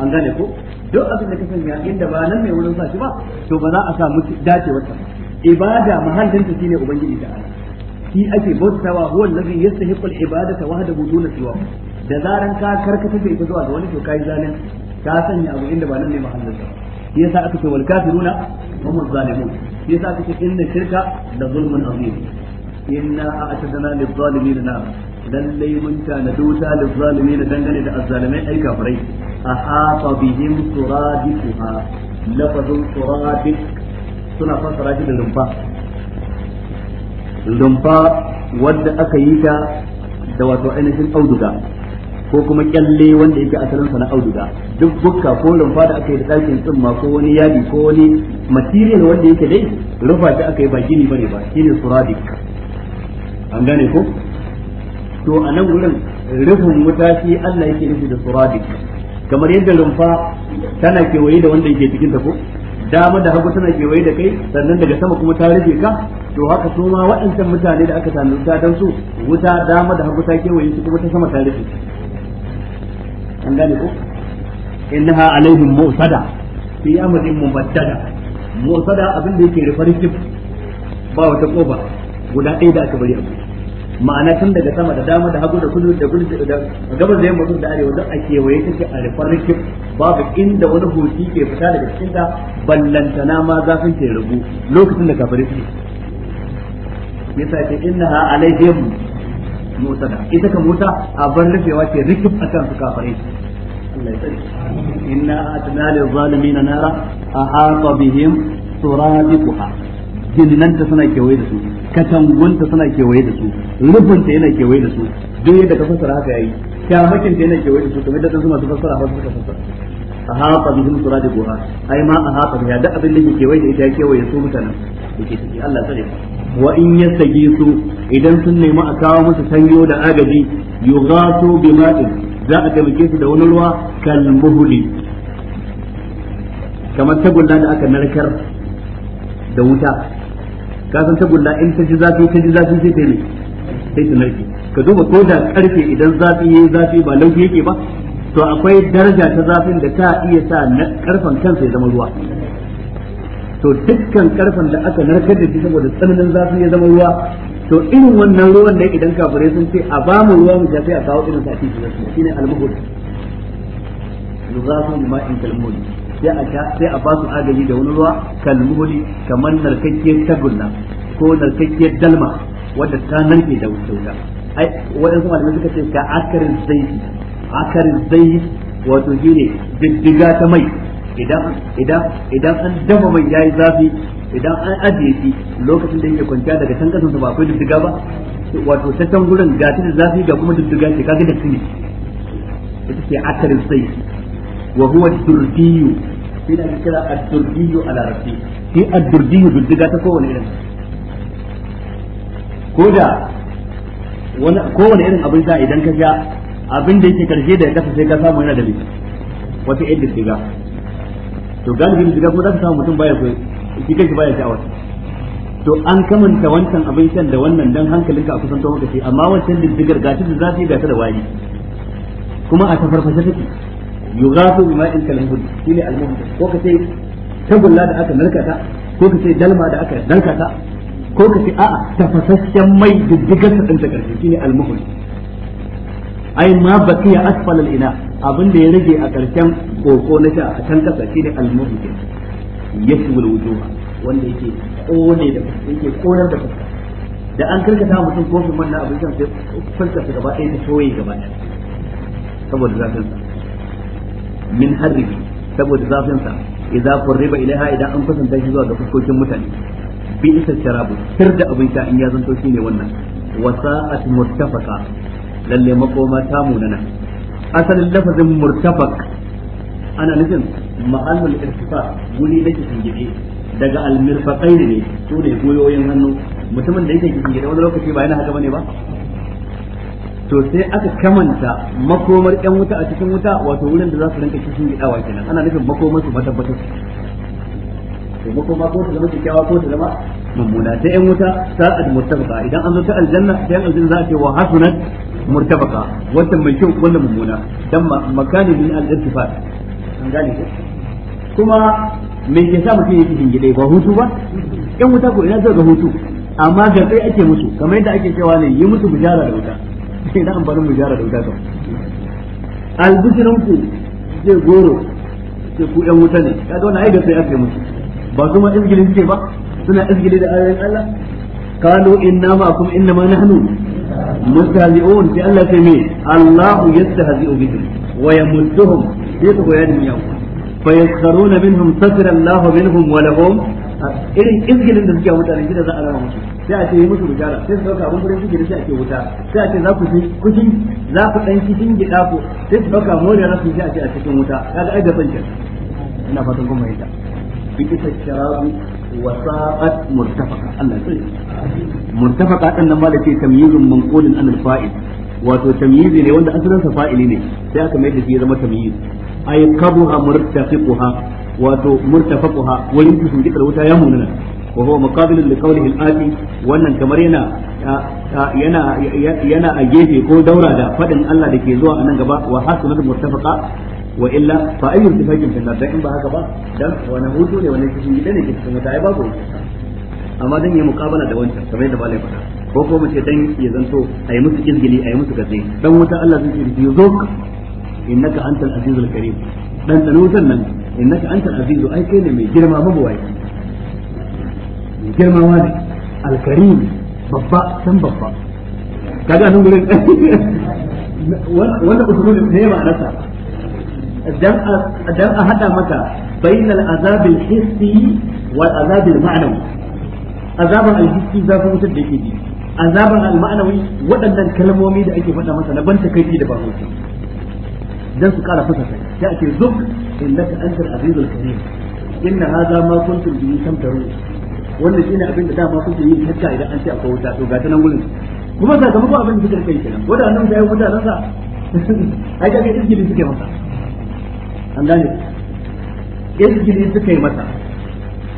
an gane ko duk abin da ka sanya inda ba nan mai wurin sa shi ba to ba za a samu dacewar ta ibada mahallin shine ubangiji ta Allah shi ake bautawa huwa allazi yastahiqu al-ibadata wahdahu duna siwa da zaran ka karkata da zuwa ga wani to kai zalunci ka sanya abu inda ba nan ne mahallin sa yasa aka ce wal kafiruna hum az-zalimun yasa aka ce inna shirka da zulmun azim inna a'tadna lil-zalimin nar lallai mun ta na ta lil-zalimin dangane da azzalimai ai kafirai أحاط بهم سرادقها لفظ سرادق سنة فسر جدا لنفا لنفا ود أكيتا دواتو أين أودغا ko kuma kyalle wanda yake asalin sa na auduga duk bukka ko rumfa da aka yi da ɗakin tsumma ko wani yadi ko wani material wanda yake dai rufa ta aka yi ba gini bane ba shine suradik an gane ko to a nan gurin rufin wuta shi Allah yake nufi da suradik kamar yadda rumfa tana kewaye da wanda yake cikin ta ko dama da hagu tana kewaye da kai sannan daga sama kuma ta rufe ka to haka su ma waɗancan mutane da aka sami wuta dan su wuta dama da hagu ta kewaye su kuma ta sama ta rufe an gane ko innaha alaihim musada fi amrin mubaddada musada abin da yake rufe ba wata kofa guda ɗaya da aka bari a ma'ana tun daga sama da dama da hagu da kudu da gudu da gabas da yamma da arewa don a kewaye take a rifarkin babu inda wani hoti ke fita daga cikin ta ballantana ma su ke rubu lokacin da kafare suke yasa ce innaha alaihim da, ita ka musa ban rufewa ke rikif kan su kafare inna a atna zalimi na nara ahata bihim suradiquha jinnanta suna kewaye da su katangunta suna kewaye da su rufinta yana kewaye da su duk yadda ka fassara haka yayi kyamakinta yana kewaye da su kamar da su masu fassara ba su suka fassara ahata bihim goha ai ma ahata biha da abin da ke kewaye da ita kewaye su mutanen da ke ciki Allah tsare wa in yastagisu idan sun nemi a kawo musu sanyo da agaji yughasu bima'in za a taimake su da wani ruwa kal muhli kamar tagulla da aka narkar da wuta ka ta gulla in ta ji zafi ta ji zafi sai ta yi sai ta narke ka duba ko da karfe idan zafi yayi zafi ba lauki yake ba to akwai daraja ta zafin da ta iya sa na karfan kansa ya zama ruwa to dukkan karfan da aka narkar da shi saboda tsananin zafi ya zama ruwa to irin wannan ruwan da idan kafirai sun ce a ba mu ruwa mu sai a kawo irin sati a ne shine al ma'in sai a sha sai a basu agaji da wani ruwa kalmuhuli kamar narkakkiyar tagulla ko narkakkiyar dalma wadda ta narke da wuta ai waɗansu malamai suka ce ga akarin zaiti akarin zaiti wato shine diddiga ta mai idan idan idan an dama mai yayi zafi idan an ajiye shi lokacin da yake kwanciya daga can kasan ba akwai diddiga ba wato ta can gurin ga ta da zafi ga kuma diddiga ce kaga da ne ita ce akarin zaiti wa huwa durdiyu shi ne kira ad-durdiyu a larabci shi ad duddiga ta kowane irin ko da kowane irin abin sa idan ka sha abin da yake karshe da kasa sai ka samu yana da bi wata yadda duddiga to galibi duddiga kuma za ka samu mutum baya koyi shi kanshi baya sha'awar to an kamanta wancan abin shan da wannan dan hankalinka a kusan tawon kashi amma wancan diddigar gashi da zafi gashi da wari kuma a ta tafarfashe take yughasu bima in kalmud shine almuhd ko kace tagulla da aka narkata ko kace dalma da aka narkata ko kace a'a tafasasshen mai diddigar sa din ta karshe shine almuhd ai ma baqiya asfal al-ina abin da ya rage a karshen koko na sha a can kasa shine almuhd yashmul wujuha wanda yake kone da yake korar da fuska da an karkata mutum kofin wannan abin sai fuskar gaba ɗaya ta soye gaba ɗaya saboda zafin sa min harrihi saboda zafin sa idza qurriba ilaiha idan an kusanta shi zuwa ga fuskokin mutane bi isa sharabu sir da abin sha in ya zanto shine wannan wa sa'at murtafaqa lalle makoma ta munana asalin lafazin murtafaq ana nufin ma'alul irtifa guri da ke gidi daga almirfaqain ne to ne goyoyin hannu mutumin da yake gidi wani lokaci ba yana haka bane ba to sai aka kamanta makomar yan wuta a cikin wuta wato wurin da za su rinka kishin gidawa kenan ana nufin makomar su matabbatar to makoma ko ta zama kyakkyawa ko ta zama mummuna sai yan wuta sa'ad murtabaka idan an zo ta aljanna sai aljanna za a ce wa hasunat murtabaka wannan mai kyau wannan mummuna dan makani min al-irtifat an gane ko kuma me ke sa mutum yake hingide ba hutu ba yan wuta ko ina zai ga hutu amma ga sai ake musu kamar yadda ake cewa ne yi musu bujara da wuta sai na amfanin bishara da wuta kan zai goro sai ku yan wuta ne ya zo na aiga sai aka musu ba kuma izgilin suke ba suna izgili da ayoyin Allah قالوا إنما كم إنما نحن مستهزئون في الله سمي الله يستهزئ بهم ويمدهم في طغيانهم يوم فيسخرون منهم سخر الله منهم ولهم إذن إذن إذن za a إذن إذن sai a ce yi musu bishara sai su dauka abin farin ciki da sai a ce wuta sai a ce za ku kushi za ku dan kishin gida ku sai su dauka moriyar rasu sai a ce a cikin wuta kaga ai da bankin ina fatan kun fahimta bi ita sharabu wa sa'at murtafaqa Allah ya sai murtafaqa dan nan malaka tamyizun manqulun an al-fa'il wato tamyizi ne wanda asalin sa fa'ili ne sai aka mai da shi ya zama tamyiz ay kabuha murtafiquha wato murtafaquha wurin kishin gidar wuta ya munana wa huwa muqabilun li qawlihi wannan kamar yana a gefe ko daura da fadin Allah da ke zuwa a nan gaba wa hasunat murtafaqa wa illa fa ayyu tifakin fil nar in ba haka ba dan wani hutu ne wani cikin gida ne ke cikin wata ai babu amma dan yi muqabala da wancan kamar da balai fada ko ko mace dan ya zanto ayi musu izgili ayi musu gaze dan Allah ce zo nan ne mai girma mai girmawa ne alkarim babba san babba kaga nan gurin wanda usulul ne ma'anarsa dan a hada maka bainal azabin hissi wal azabil ma'nawi azaban alhissi zafin wutar da yake ji azaban alma'anawi waɗannan kalmomi da ake faɗa masa na ban takaici da ba hausa dan su ƙara fasa sai sai ake zuk innaka antal azizul karim inna hadha ma kuntum bihi tamtarun wannan shine abin da dama suke yi hatta idan an ce akwai wuta to ga nan gurin kuma sakamakon abin da suka kai kenan wanda annabi ya yi wuta nan sa (laughs) ai ga iskili suke masa an gane iskili suke masa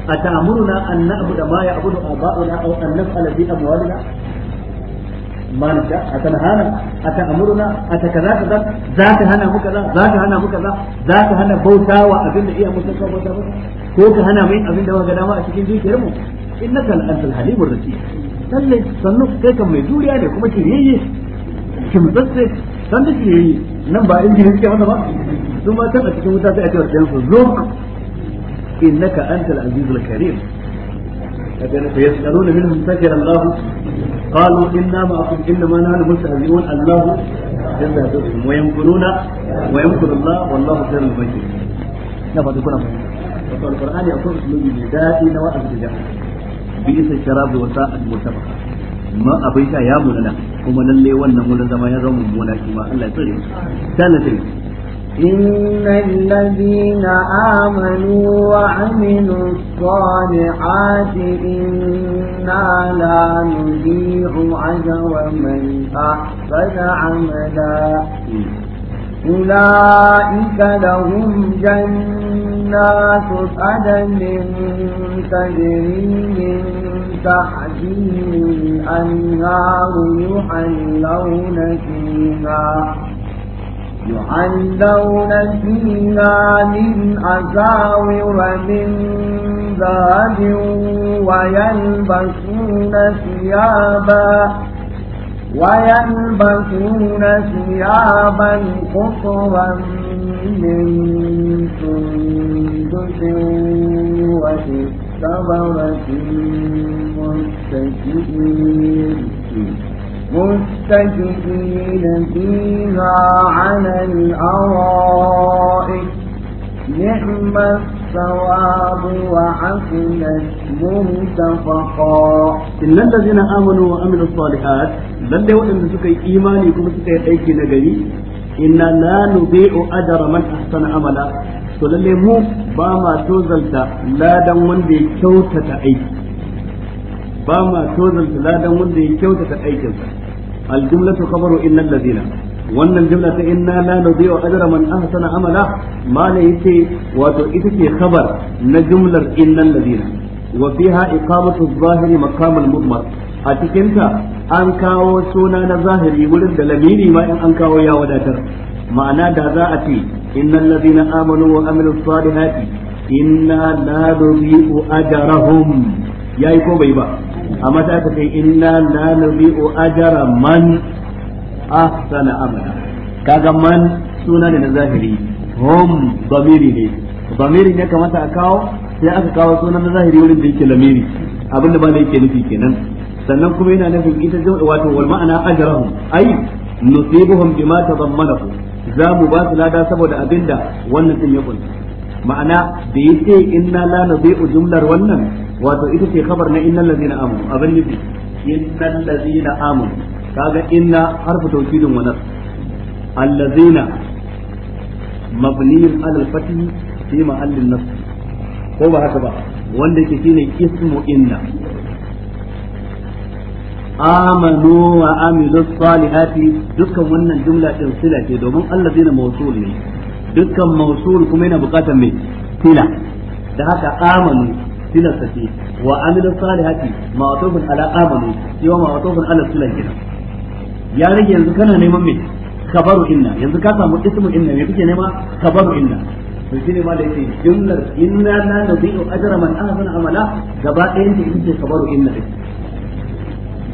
a ta'amuruna an na abu na'budu ma ya'budu aba'una aw an naf'ala bi amwalina ma na sha a kana hana a ta amuruna a ta kaza ka za ta hana mu kaza za ta hana mu kaza za ta hana bautawa wa abin da iya mutunta bauta mutunta ko ka hana mai abin da ga dama a cikin dukiyar mu innaka al-antal halimur rashid sannu kai kan mai juriya ne kuma kiriyeye kimtsatse san da kiriyeye nan ba injinin suke wannan ba su ma can a cikin wuta sai a ce wasu yansu zo innaka antal azizul karim فيسألون منهم سكر الله قالوا إنا معكم إنما نحن مستهزئون الله جل وعلا ويمكرون ويمكر الله والله خير المكرين. نفع تكون to alqur'ani akwai usulubi mai daɗi na wa'azi da jama'a bi isa sharab wa sa'at mutafaqa ma abin sha ya munana kuma lalle wannan wurin zama ya zama mummuna shi ma Allah ya tsare mu sallallahu إن الذين آمنوا وعملوا الصالحات إنا لا نضيع أجر من أحسن عملا أولئك لهم جنات عدن تجري من تحتهم الأنهار يحلون فيها يحلون فيها من أساور من ذهب ويلبسون ثيابا ويلبسون ثيابا خضرا من سندس واستبرة مستكئين مستكئين فيها على الأرائك نعم الثواب وحسنت مرتفقا إن الذين آمنوا وعملوا الصالحات لن يؤمن سكي إيماني كما سكي أيكي نجري إنا لا نضيع أجر من أحسن عملا to lalle mu ba ma tozalta ladan wanda ya kyautata aiki ba ma tozalta ladan wanda ya kyautata aikinsa al khabaru innal ladina wannan jumla ta inna la nudhi'u ajra man ahsana amala mala yace wato ita ce khabar na jumlar innal ladina wa fiha iqamatu adh-dhahiri maqam al-mudmar a cikin ta an kawo suna na zahiri wurin da lamini ma in an kawo ya wadatar ma'ana da za a ce innal ladina amanu wa amilus salihati inna la nudhi'u ajrahum yayi ko bai ba amma ta ce inna la nudhi'u ajra man ahsana amala kaga man suna ne na zahiri hum zamiri ne zamiri ne kamata a kawo sai aka kawo sunan na zahiri wurin da yake lamiri abinda ba da yake nufi kenan sannan kuma yana nufin ita jama'a wato wal ma'ana ajrahum ai nusibuhum bima tadammanahu za mu ba su lada saboda abinda wannan din ya kunta ma'ana da yace inna la nabi'u jumlar wannan wato ita ce khabar na innal ladina amanu abin nufi innal ladina amanu kaga inna harfu tawkidin wa nasb allazina mabniyin alal fatihi fi mahallin nasb ko ba haka ba wanda ke shine ismu inna amanu wa amilu salihati dukkan wannan jumla din sila ce domin allazina mawsul ne dukkan mawsul kuma yana bukatar me sila da haka amanu sila sace wa amilu salihati ma'tufun ala amanu yau ma'tufun ala sila kenan ya rage yanzu kana neman me khabaru inna yanzu ka samu ismu inna me kake nema khabaru inna to shine ma da yake jumlar inna la nudhi'u ajra man ahsana amala gaba ɗayan ta yake khabaru inna din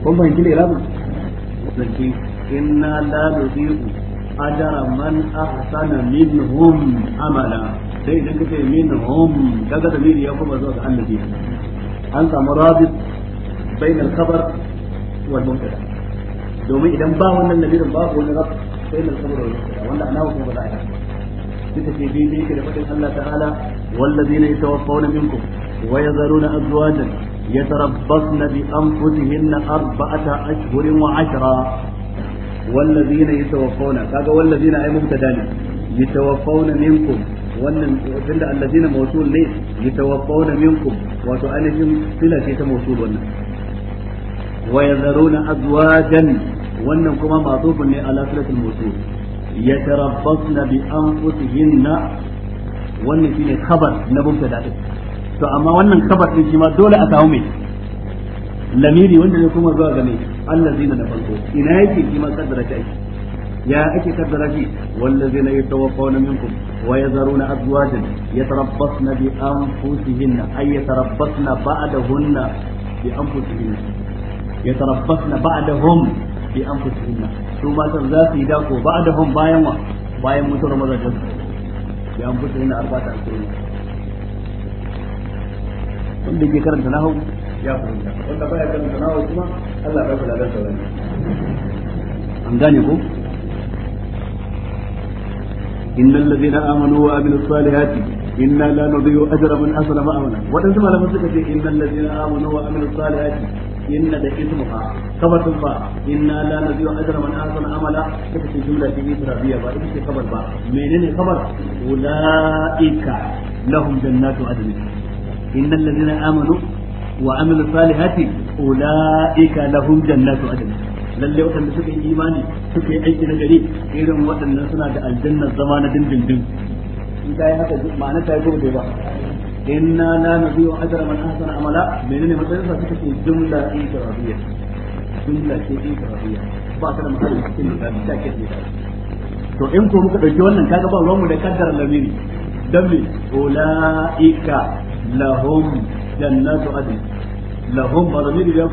kun fahimci ne rabu zaki inna la nudhi'u ajra man ahsana minhum amala sai idan kace minhum kaga da miri ya kuma zuwa ga annabi an samu rabit bainal khabar wal mubtada domin idan ba wannan nabirin babu wani rabu sai da saboda wani wanda ana kuma ba za a yi duka ce biyu ne yake da faɗin Allah ta'ala wallazina yatawaffawna minkum wa na ya azwajan na bi an anfusihinna arba'ata ashhurin wa ashira. ita ashra والذين يتوفون كذا والذين اي مبتدا يتوفون minku wannan tunda allazina mawsul ne yatawaffawna minku wato ainihin sila ce ta mawsul wannan wa yazaruna azwajan wannan kuma ma'tufun ne ala salatul mawsul yatarabbasna bi anfusihinna wannan shine khabar na mubtada din to amma wannan khabar din shi ma dole a samu mai lamiri wanda ne kuma zuwa ga mai zina na farko ina yake shi ma kaddara shi ya ake kaddara shi wallazina yatawaffawna minkum wa ya tarabbas na bi an na na ay da hunna bi an anfusihinna yatarabbasna ba'dahum bi anfusihinna su matan za su yi dako ba'dahum bayan wa bayan mutuwar mazajin su bi anfusihinna arba'ata ashirin wanda ke karanta nahu ya fahimta wanda baya karanta nahu kuma Allah ya kula da an gane ko إن الذين آمنوا وعملوا الصالحات إنا لا نضيع أجر من أسلم أمنا وإن لم تكن إن الذين آمنوا وعملوا الصالحات inna da ismuha kabatun ba inna la nabiyyu ajra man ahsana amala kake ce jumla ce israbiya ba ita ce kabar ba menene kabar ulaika lahum jannatu adn innal ladina amanu wa amilu salihati ulaika lahum jannatu adn lalle waɗanda suka yi imani suka yi aiki na gari irin waɗannan suna da aljanna zama na dindindin in ka yi haka ma'ana ta yi gobe ba inna la nabiyyu ajra man ahsana amala menene matsayin sa suka ce jumla ikrariya jumla ce ikrariya ba ta da mahallin cikin da ta ke da to in ko muka dauki wannan kaga ba ruwan da kaddara lamiri dan me ulaika lahum jannatu adn lahum ba lamiri ya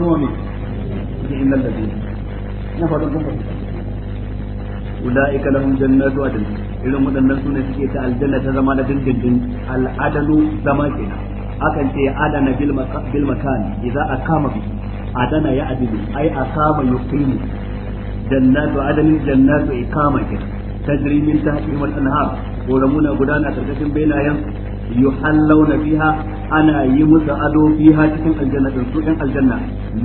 irin waɗannan sune suke ta aljanna ta zama na dindindin al'adalu zama kenan akan ce adana bil bil makan a kama bi adana ya adilu ai a akama yuqimu jannatu adanin jannatu ikama kenan tajri min tahtihim al-anhar koramuna gudana karkashin benayen yuhallawna fiha ana yi musu ado fiha cikin aljanna din su aljanna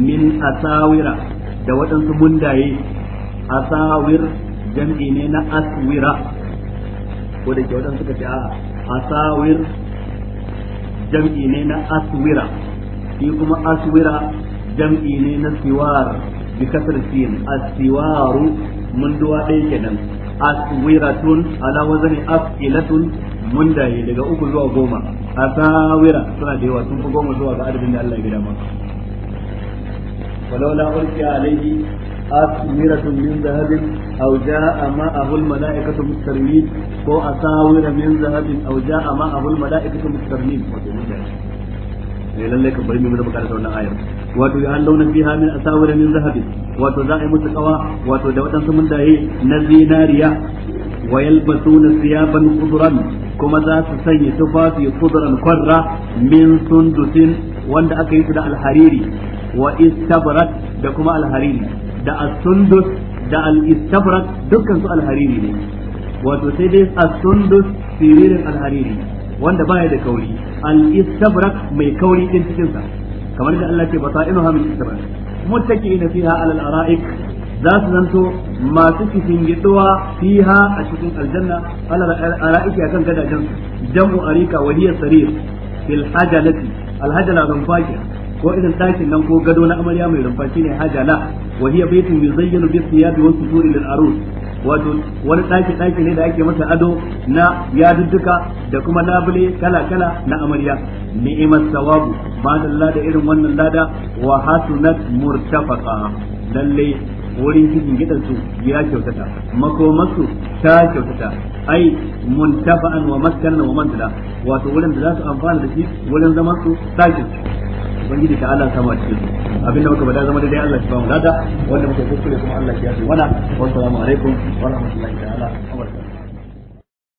min asawira da waɗansu mundaye asawir jam'i ne na aswira ko da ke waɗansu suka ce a asawir jam'i ne na aswira shi kuma aswira jam'i ne na siwar bi kasar sin asiwaru mun duwa ɗaya kenan aswiratun ala wazani tun mun yi daga uku zuwa goma asawira suna da yawa sun fi goma zuwa ga adadin da Allah ya gida ma ولولا ألقي عليه أسمرة من ذهب أو جاء معه الملائكة مسترمين أو أساور من ذهب أو جاء معه الملائكة مسترمين ne lalle ka bari mu da bukata da wannan ayar wato ya launa fiha min asawir min zahabi wato za a yi musu kawa wato da waɗansu mun daye na zinariya wa yalbasuna siyaban kuduran kuma za su sanya tufafi kuduran qarra min sundusin wanda aka yi su da alhariri wa istabrat da kuma alhariri da as da al istabrak dukkan su al ne wato sai dai as-sundus siririn al wanda baya da kauri al istabrak mai kauri din cikin sa kamar da Allah ce basainuha min istafrak muttaqiina fiha ala araik za su zanto masu cikin gidowa fiha a cikin aljanna ala ara'iki akan gadajen jam'u arika wa hiya sarir fil hajalati alhajala hajala zanfakiya ko irin ɗakin nan ko gado na amarya mai rumfa shine hajala wa hiya baytun yuzayyanu bi thiyabi wa suturi lil arus wato wani ɗaki ɗaki ne da ake masa ado na yadudduka da kuma labule kala kala na amarya ni'mat sawabu ba da lada irin wannan lada wa hasunat murtafaqa lalle wurin cikin gidansu ya kyautata makomarsu ta kyautata ai muntafa'an wa maskanan wa manzila wato wurin da za su amfana da shi wurin zaman su ta kyautata ubangiji ta Allah sama cikin su abinda muka bada zama dai Allah shi ba mu lada wanda muka kuskure kuma Allah ya ce mana wa assalamu alaikum wa rahmatullahi ta'ala wa barakatuh